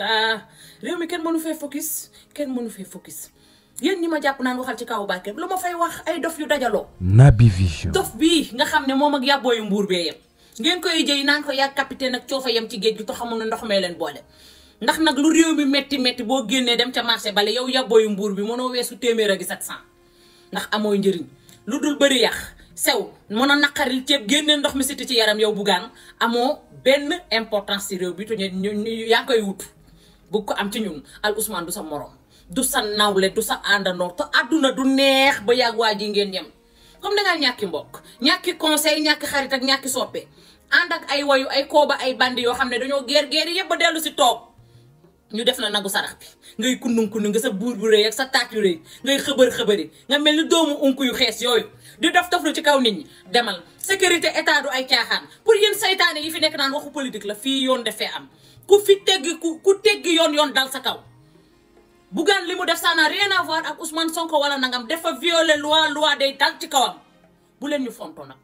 ah réew mi kenn mënu fee focus kenn mënu fee focus yéen ñi ma jàpp naan waxal ci kaw barkeem lu ma fay wax ay dof yu dajaloo. Naby Vision. dof bii nga xam ne moom ak yàbbooyu mbuur bee yem ngeen koy jëy naan ko yaa capitaine ak coofa yem ci géej gi te xamul ne ndox mee leen boole. ndax nag lu réew mi métti métti boo génnee dem ca marché bale yow yàbbooyu mbuur bi mënoo weesu téeméer ak 700 ndax amoo njëriñ lu dul bëri yàq sew mën a naqaril ceeb génn ndox mi siti ci yaram yow bugaan amoo benn importance ci réew bi te yaa koy wut. bu ko am ci ñun al Ousmane du sa morom du sa nawle du sa àndandoo te àdduna du neex ba yàgg waa ji ngeen yem comme da ñàkki mbokk ñàkki conseil ñàkki xarit ak ñàkki soppe ànd ak ay wayu ay kooba ay bandi yoo xam ne dañoo géer géeri yëpp a dellu si toog ñu def la nagu sarax bi ngay kundung kundung nga sa buur bu rëy ak sa taat yu rëy ngay xëbër xëbëri nga mel ni doomu unku yu xees yooyu du def doflu ci kaw nit ñi demal sécurité état du ay caaxaan pour yéen seytaane yi fi nekk naan waxu politique la fii yoon defee am ku fi teggi ku ku teggi yoon yoon dal sa kaw Bougane li mu def ça n'a rien à voir ak Ousmane Sonko wala nangam dafa violer loi loi day dal ci kawam bu leen ñu fontoo nag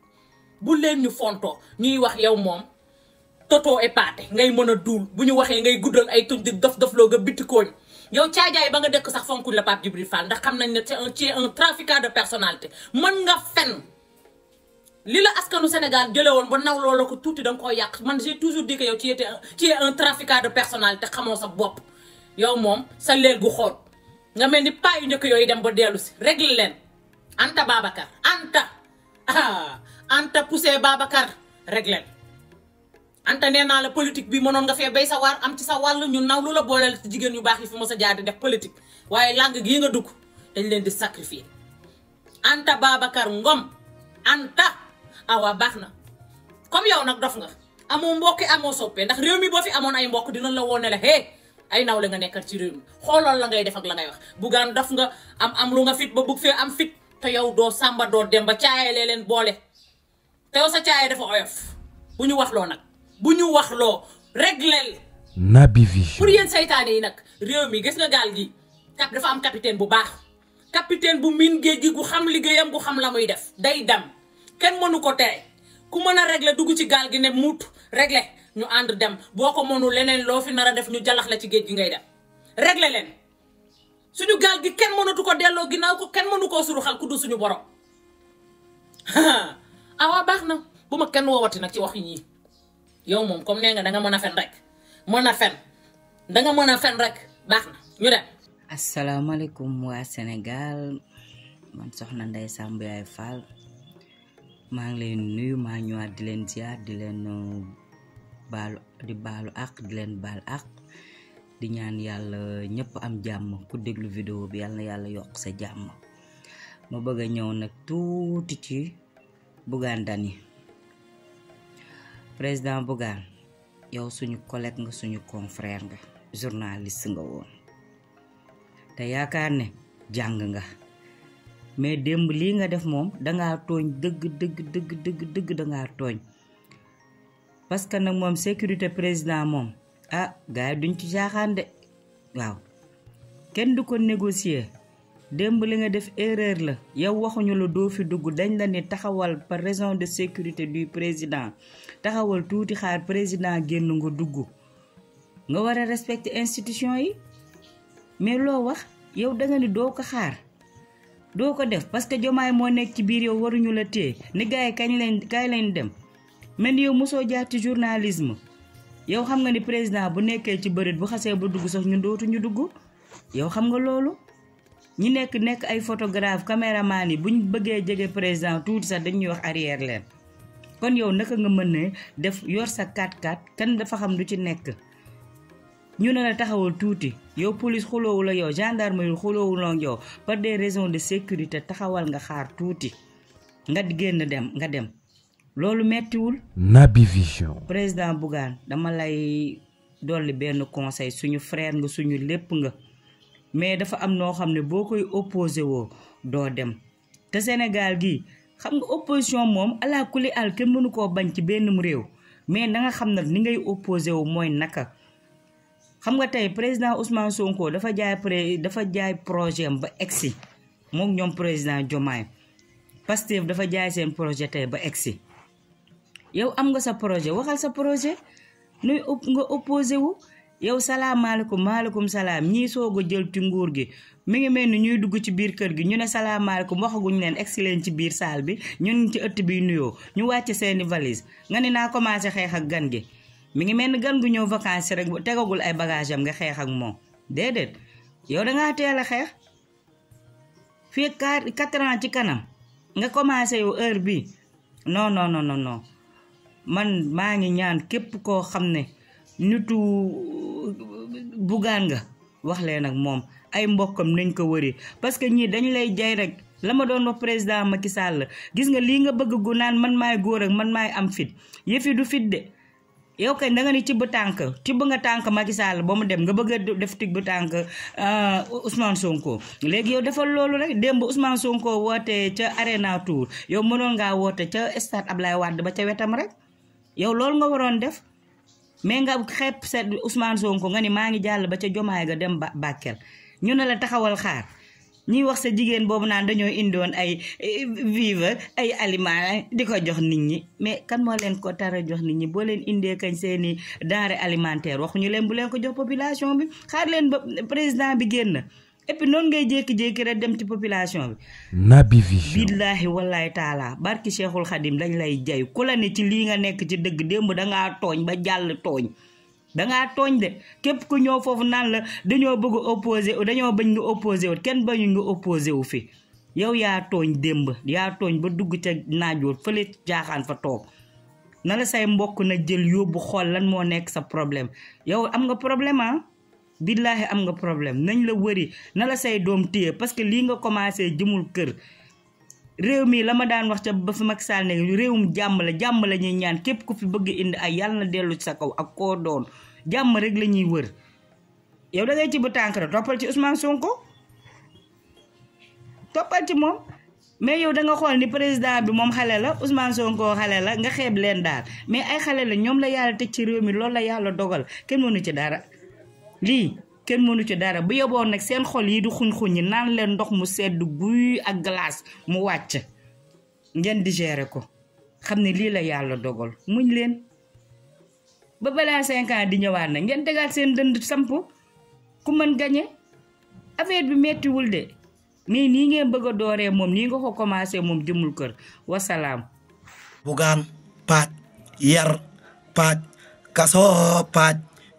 bu leen ñu fontoo ñuy wax yow moom totoo épaté e ngay mën a duul bu ñu waxee ngay guddal ay tuñ di dof dof loo nga bitti kooñ yow caajaay ba nga dëkk sax fonkuñ la Pape Djibril Fall ndax xam nañ ne c'est un c'est un trafiquant de personnalité mën nga fen li la askanu Sénégal jëlee woon ba naw loola ko tuuti da nga koy yàq man j'ai toujours dit que yow tu étais tu es un trafiquant de personnalité xamoo sa bopp yow moom sa leel gu xool nga mel ni paa yu njëkk yooyu dem ba dellu si réglé leen Anta Babacar Anta ah Anta poussé Babacar anta nee naa la politique bi mënoon nga fee bay sa waar am ci sa wàll ñu naw lu la booleel ci jigéen yu baax yi fi mos a jaar di def politique waaye làng gii nga dugg dañ leen di sacrifier anta Babacar Ngom anta awa baax na comme yow nag dof nga amoo mbokki amoo soppee ndax réew mi boo fi amoon ay mbokk dinañ la woone la ay naw la nga nekkal ci réew mi la ngay def ak la ngay wax buggaan dof nga am am lu nga fit ba bugg fee am fit te yow doo sàmba doo dem ba caayalee leen boole te yow sa caaya dafa oyof bu ñu wax loo nag buñu wax lo réglel nabi Vision pour yeen saytane yi nak rew mi gis nga gal gi cap dafa am capitaine bu baax capitaine bu min géej gi gu xam ligeyam gu xam lamuy def day dam. ken mënu ko téré ku mëna régler duggu ci gal gi ne muut régler ñu and dem boko mënu leneen lo fi nara def ñu jalax la ci geej gi ngay dem régler len suñu gal gi mënu tu ko dello ginaaw ko ken mënu ko suru xal ku du suñu borom awa baxna na bu wowati nak ci wax yi yow mom comme nga da nga mëna fen rek mëna a fen da nga mëna a fen rek baax na ñu dem. alaykum wa senegal man soxna nday sambe ay fal ma ngi leen nuyu maa ñëwaat di leen ziar di leen uh, baalu di balu ak di leen bal ak di ñaan yalla ñepp am jamm ku deglu vidéo bi yalla yalla yok sa jamm ma bëgg ñëw tuuti ci bugandani président Bougane yow suñu collègue nga suñu confrère nga journaliste nga woon te yaakaar ne jàng nga mais démb lii nga def moom danga tooñ dëgg dëgg dëgg dëgg dëgg tooñ parce que nag moom sécurité président moom ah gars yi duñ ci jaaxaan de waaw kenn du ko négocier démb li nga def erreur la yow waxuñu la doo fi dugg dañ la ne taxawal par raison de sécurité du président taxawal tuuti xaar président génn nga dugg nga war a respecter institution yi mais loo wax yow da nga ni doo ko xaar doo ko def parce que jomaay moo nekk ci biir yow waruñu la téye ni gars kay leen kay leen dem man yow mosoo jaar ci journalisme yow xam nga ni président bu nekkee ci bërit bu xasee ba dugg sax ñu dootuñu dugg yow xam nga loolu ñi nekk nekk ay photographe caméraman yi bu ñu bëggee jege président tuuti sax dañuy wax arrière leen kon yow naka nga mën ne def yor sa 4 kat kan dafa xam du ci nekk ñu ne la taxawal tuuti yow police xuloowu la yow gendarme yi xuloowu la yow par des raisons de sécurité taxawal nga xaar tuuti nga génn dem nga dem loolu mettiwul Naby Vision président Bougane dama lay dolli benn conseil suñu frère nga suñu lépp nga mais dafa am noo xam ne boo koy opposé woo doo dem te Sénégal gi xam nga opposition moom ala kuli al kenn mënu koo bañ ci benn réew mais na nga xam nag ni ngay opposé wu mooy naka xam nga tey président Ousmane Sonko dafa jaay pré dafa jaay projet am ba egsi moom ñoom président Diomaye Pastef dafa jaay seen projet tey ba egsi yow am nga sa projet waxal sa projet nuy nga opposé wu yow salaamaaleykum maaleykum salaam ñii soog a jël ci nguur gi mi ngi mel ni ñuy dugg ci biir kër gi ñu ne salaamaaleykum waxaguñ leen egsi leen ci biir saal bi ñun ci ëtt bi nuyo ñu wàcc seeni valise nga ni naa commencé xeex ak gan gi mi ngi mel gan gu ñëw vacances rek tegagul ay bagage am nga xeex ak moom déedéet yow dangaa teel a xeex fii quatre ans ci kanam nga commencé yow heure bi non non non non man maa ngi ñaan képp koo xam nitu bugaan nga wax leen ak moom ay mbokkam nañ ko wëri parce que ñii dañu lay jay rek la ma doon wax président Macky Sall gis nga lii nga bëgg gu naan man maay góor ak man maay am fit yëfi du fit de yow kay da nga ni tibb tànk tibb nga tànk Macky Sall ba mu dem nga bëgg a def tibb tànk euh, Ousmane Sonko léegi yow defal loolu rek démb Ousmane Sonko wootee ca Arena Tour yow mënoon ngaa woote ca stade Ablaye Wade ba ca wetam rek yow loolu nga waroon def. mais nga xepp sa Ousmane Sonko nga ni maa ngi jàll ba ca jomaay ga dem Bakel ñu ne la taxawal xaar ñuy wax sa jigéen boobu naan dañoo indoon ay eh, vivre ay aliments di ko jox nit ñi mais kan moo leen ko tara jox nit ñi boo leen indee kañ seeni denrée alimentaire waxuñu leen bu leen ko jox population bi xaar leen ba président bi génn et puis ngay jékki-jékki dem ci population bi. Naby Vision billaahi wallaahi taalaa barki Cheikhul Khadim dañ lay jay ku la ne ci lii nga nekk ci dëgg démb dangaa tooñ ba jàll tooñ. dangaa tooñ de képp ku ñëw foofu naan la dañoo bëgg dañoo bañ nga opposé wu kenn bañu nga opposé wu fi yow yaa tooñ démb yaa ba dugg ca naajoot fële jaaxaan fa toog na la say mbokk na jël yóbbu xool lan moo nekk sa problème yow am nga problème ah? billaahi am nga problème nañ la wëri na la say doom téye parce que lii nga commencé jëmul kër réew mii la ma daan wax ca ba fi Macky Sall ne réewum jàmm la jàmm ñuy ñaan képp ku fi bëgg indi ay yàlla na dellu ci sa kaw ak koo doon jàmm rek la ñuy wër yow dangay ngay ci bu tànk rek toppal ci Ousmane Sonko toppal ci moom mais yow da nga xool ni président bi moom xale la Ousmane Sonko xale la nga xeeb leen daal mais ay xale la ñoom la yàlla te ci réew mi loolu la yàlla dogal kenn mënu ci dara. lii kenn mënu ci dara bu yoboon nag seen xol yi du xuñ-xuñ naan leen ndox mu sedd guy ak glace mu wàcc ngeen digéré ko xam ne lii la yàlla dogal muñ leen ba balaa cinq di ñëwaan na ngeen tegaat seen dënd samp ku mën gañe affaire bi mettiwul de mais nii ngeen bëgg a moom nii nga ko commencé moom jëmul kër wasalaam bugaan paaj yar paaj kaso paaj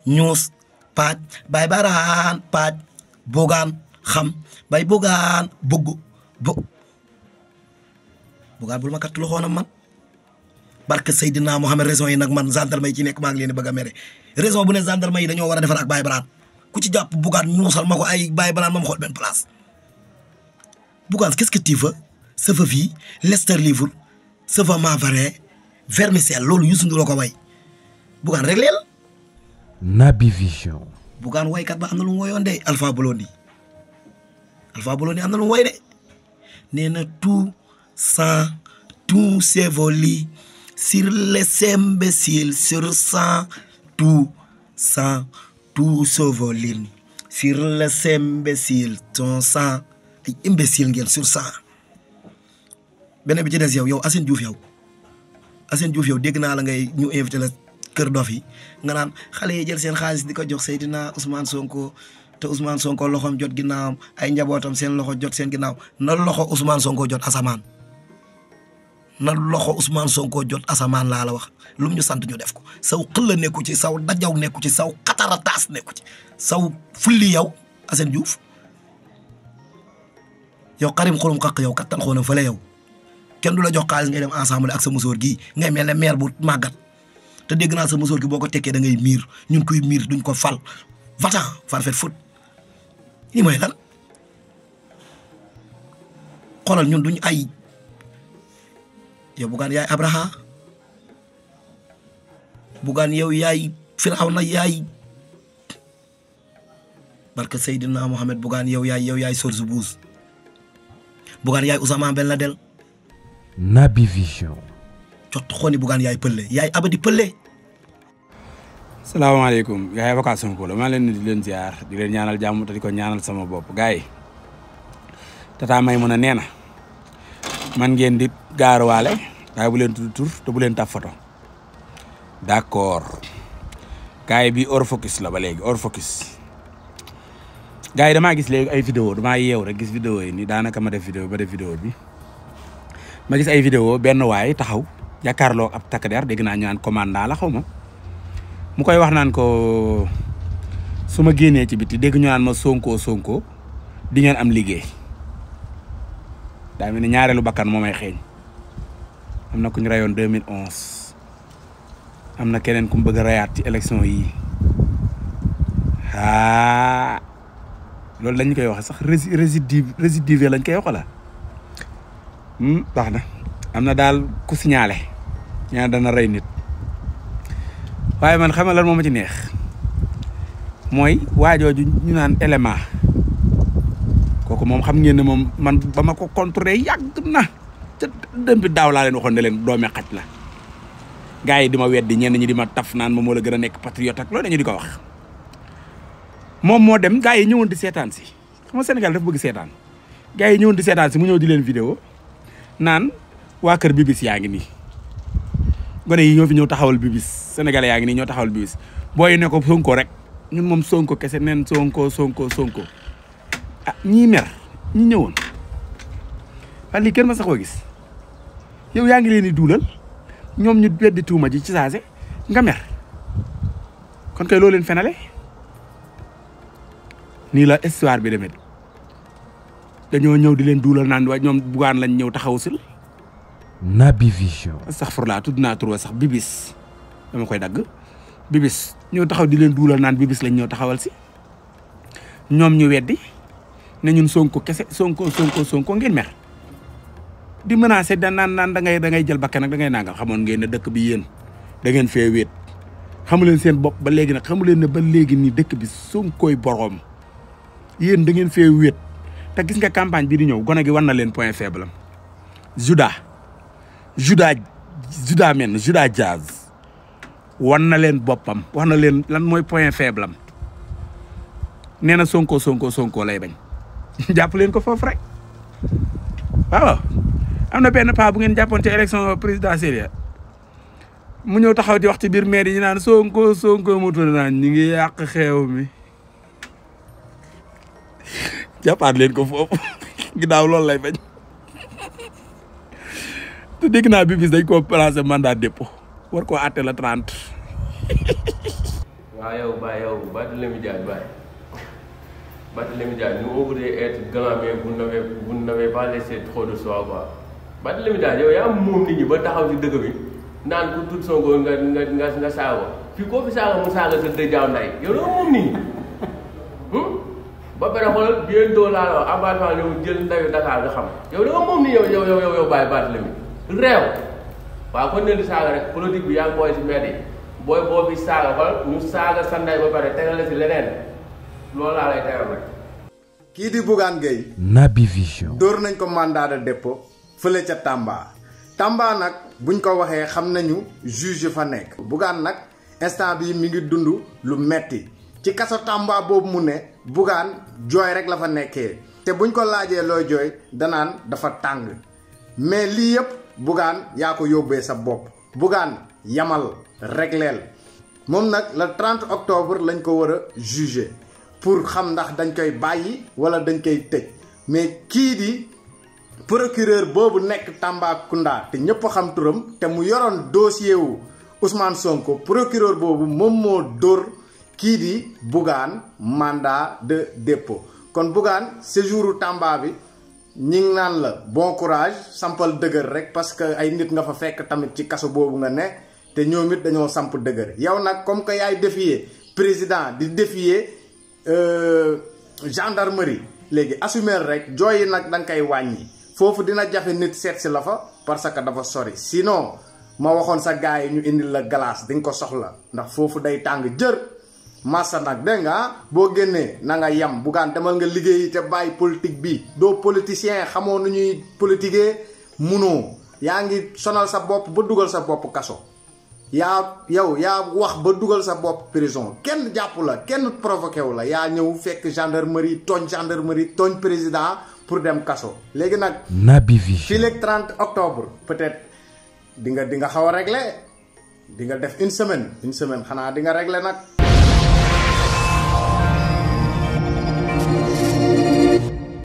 ñuus paaj bay baraan paaj bugaan xam bay bugaan bugg bu bugaan bul ma kat loxoonam man barke Seydina Mohamed raison yi nag man gendarme yi ci nekk maa ngi leen di bëgg a mere raison bu ne gendarme yi dañoo war a defar ak bay baraan ku ci jàpp bugaan ñuusal ma ko ay bay baraan ma ma xool benn place bugaan qu'est-ce que tu fii Lester Livre sa fa Mavarin loolu Youssou ko way bugaan régleel Naby Vision. Bougane woykat ba am na lu mu woyoon de Alpha Blondy Alpha Blondy am na lu mu woy de nee na tout sang tout s'évolue sur les imbéciles sur sang tout sang tout s'évolue sur les imbéciles ton sang ay imbécile ngeen sur sang beneen bi ci des yow yow Assane Diouf yow Assane Diouf yow dégg naa la ngay ñu invité la. kër dof nga naan xale yi jël seen xaalis di ko jox Seydina usmaan Sonko te usmaan Sonko loxoom jot ginnaawam ay njabootam seen loxo jot seen ginnaaw na loxo Ousmane Sonko jot asamaan na loxo usmaan Sonko jot asamaan laa la wax lum ñu sant ñu def ko saw xëlla nekku ci saw dajaw nekku ci saw xatara taas nekku ci saw fulli yow Assane Diouf yow xarim xurum xaq yow kattan xoonam fële yow kenn du la jox xaalis ngay dem ensemble ak sa musóor gi ngay mel ne bu màggat te dégg naa sa musóor gi boo ko tekkee da ngay miir ñun kuy miir duñ ko fal vatan farfet fët lii mooy lan xoolal ñun duñ ay yow bugaan yaay abraha bugaan yow yaay firawna yaay barke Seydina Mohamed bugaan yow yaay yow yaay sorsu buus bugaan yaay Ousama Ben Laden Naby cotto xoni bugan yaay pëlle yaay abadi pëlle salaamaaleykum gars yi avocat Sonko la maa leen di leen ziar di leen ñaanal jàmm te di ñaanal sama bopp Gai, tata may mën a nee na man ngeen di gaaruwaale waaye bu leen tur te bu leen taf d'accord bi hors focus la ba léegi hors focus gars yi gis léegi ay vidéo damaa yeew rek gis vidéo yi nii daanaka ma def vidéo ba def vidéo bi ma gis ay vidéo benn waay taxaw Ya ab takk der dégg naa commandant la xawma mu koy wax naan ko suma gene ci biti deg ñaan ma Sonko Sonko di ngeen am liggéey da mel ni ñaareelu bakkan momay may amna ku ñu rayon 2011 amna keneen ku mu bëgg a ci election yi ha lol lañ koy wax sax résidive résidive lañ koy wax la hmm, baax na ku signaler ñaan ñaa dana rey nit waaye man xam nga lan moo ma ci neex mooy waajooju ñu naan élément kooku moom xam ngeen ne moom man ba ma ko contré yàgg na ca daaw laa leen waxoon ne leen doome xaj la gars yi di ma weddi ñeen ñi di ma taf naan moom moo la gën a nekk patriote ak loolu dañu di ko wax moom moo dem gars yi ñëwoon di seetaan si xam nga Sénégal dafa bëgg seetaan gaa yi ñëwoon di seetaan si mu ñëw di leen vidéo naan waa kër BBC yaa ngi nii gone yi ñoo fi ñëw taxawal bi bis sénégalais yaa ngi nii ñoo taxawal bi bis booy ne ko rek ñun moom sonko kese neen sonkoo sonkoo sonko ah ñii mer ñi ñëwoon waaye lii kenn ma sax koo gis yow yaa ngi leen di duulal ñoom ñu weddi tuuma ci saase nga mer kon kay fenale nii la histoire bi demee ñëw di leen duulal naan waa ñoom bugaan lañ ñëw taxaw sil Nabi Vision. sax fur laa tudd tur sax bibis dama koy dag bibis ñoo taxaw di leen duulal naan bibis lañ ñoo taxawal ci ñom ñu weddi ne ñun sonko kese sonko sonko sonko ngeen mer di menacer da nan nan da ngay da ngay jël bakke nak da ngay nangal xamoon ngeen ne dëkk bi yeen da ngeen fee wéet xamu leen seen bopp ba léegi nak xamu leen ne ba léegi ni dëkk bi sonkooy borom yeen da ngeen ta gis nga campagne bi di ñew gona gi war na leen point faible am juda juda juda men juda jazz wan na leen boppam wax na leen lan mooy point faible am nee na sonko sonko sonko lay bañ jàpp leen ko foofu rek waaw am na benn paa bu ngeen jàppoon ci élection présidentielle mu ñëw taxaw di wax ci biir maire yi ñu naan sonko sonko mu naan ñu ngi yàq xeew mi jàppaat leen ko foofu gidaaw loolu lay bañ. te dégg naa bi bis dañ koo placé mandat dépôt war koo àtte la trente. waaw yow Ba yow Barthélémy Dias Ba Barthélémy Dias nous on moom nit ba taxaw ci bi naan ku tudd Sonko nga nga nga nga mu hmm? jël ndayu Dakar nga xam yow da nga moom nit yow yow yow yow bàyyi Barthélémy réew waaw kon ne di saaga rek politique bi yaa boo bi saaga ba ñu saaga di Bougane Gueye. Naby Vision. dóor nañ ko mandat de dépôt fële ca Tamba Tamba nag buñ ko waxee xam nañu juge fa nekk. Bougane nag instant bii mi ngi dund lu metti ci kaso Tamba boobu mu ne Bougane jooy rek la fa nekkee te buñ ko laajee looy jooy danaan dafa tàng mais lii yëpp. bugaan yaa ko yóbbee sa bopp Bougane yamal regleel moom nag la 30 octobre lañ ko war a juger pour xam ndax dañ koy bàyyi wala dañ koy tëj mais kii di procureur boobu nekk Tambacounda te ñëpp xam turam te mu yoroon dossier wu Ousmane Sonko procureur boobu moom moo dóor kii di Bougane mandat de dépôt kon Bougane séjouru Tamba bi ñi ngi naan la bon courage sampal dëgër rek parce que ay nit nga fa fekk tamit ci kaso boobu nga ne te ñoom it dañoo samp dëgër yow nag comme que yaay défier président di défier euh, gendarmerie léegi assumer rek jooyi nag da nga koy wàññi foofu dina jafe nit seet si la fa parce que dafa sori sinon ma waxoon sa gars yi ñu indil la glace dañ ko soxla ndax foofu day tàng jër. massa nak dégg nga boo génnee na nga bu gan demal nga liggéey té bay politique bi do politicien xamono ñuy politiquer munoo yaangi sonal sa bop ba duggal sa bop kaso ya yow ya, ya wax ba duggal sa bop prison kenn japp la kenn provoqué wu la ya ñew fekk gendarmerie togn gendarmerie togn président pour dem kaso légui nak nabi vi fi léegi 30 octobre peut-être di nga di nga xaw régler di nga def une semaine une semaine xana di nga régler nak